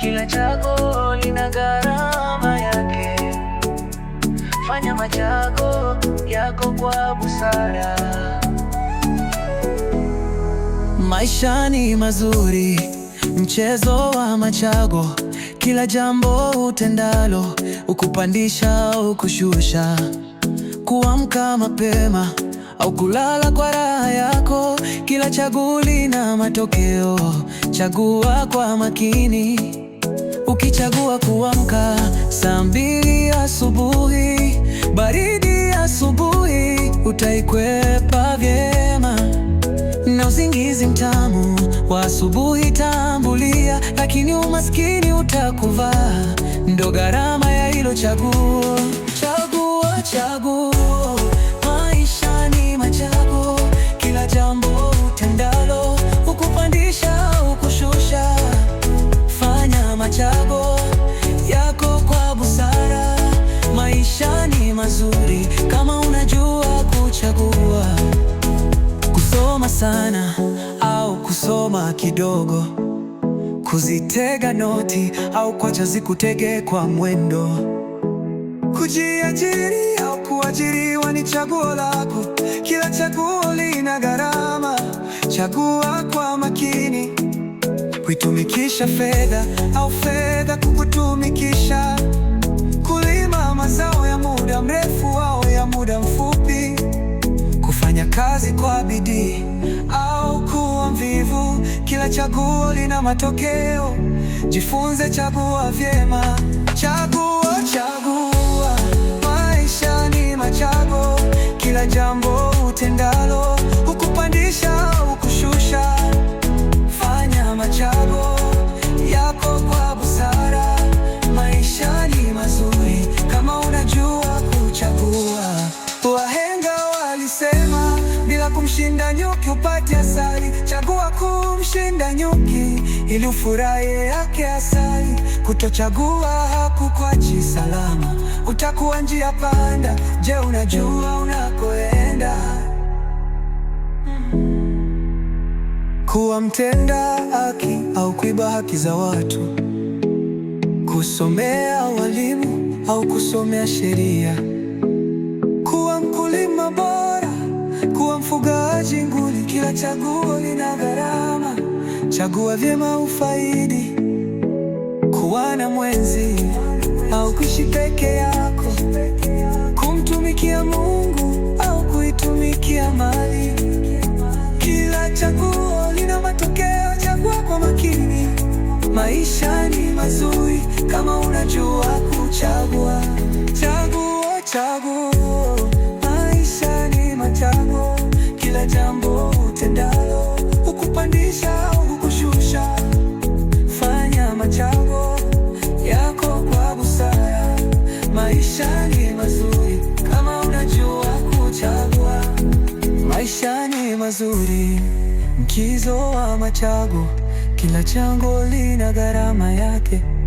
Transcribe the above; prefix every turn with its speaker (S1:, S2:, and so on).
S1: Kila chako lina gharama yake, fanya machako yako kwa busara. Maisha ni mazuri, mchezo wa machago Kila jambo utendalo ukupandisha, ukushusha. Kuamka mapema au kulala kwa raha yako, kila chaguli na matokeo. Chagua kwa makini. utaikwepa vyema, na usingizi mtamu wa asubuhi tambulia, lakini umaskini utakuvaa, ndo gharama ya hilo chaguo. Chaguo, chaguo, maisha ni machaguo, kila jambo utendalo ukupandisha, ukushusha, fanya machaguo. sana au kusoma kidogo, kuzitega noti au kwacha zikutege kwa mwendo. Kujiajiri au kuajiriwa ni chaguo lako, kila chaguo lina gharama. Chagua kwa makini, kuitumikisha fedha au fedha kukutumikisha, kulima mazao ya muda mrefu au ya muda mfupi, kufanya kazi kwa bidii. Kila chaguo lina matokeo, jifunze, chagua vyema. chagua chagua, maisha ni machago kila jambo Bila kumshinda nyuki upate asali. Chagua kumshinda nyuki ili ufurahi yake asali. Kutochagua hakukwachi salama, utakuwa njia panda. Je, unajua unakoenda? Kuwa mtenda haki au kuiba haki za watu, kusomea walimu au kusomea sheria Kuwa mfugaji nguli, kila chaguo lina gharama. Chagua vyema ufaidi. Kuwa na mwenzi au kuishi peke yako, kumtumikia Mungu au kuitumikia mali, kila chaguo lina matokeo. Chagua kwa makini. Maisha ni mazuri kama unajua kuchagua. Chagua, chagua. Maisha ni mazuri, mkizo wa machagu, kila chango lina gharama yake.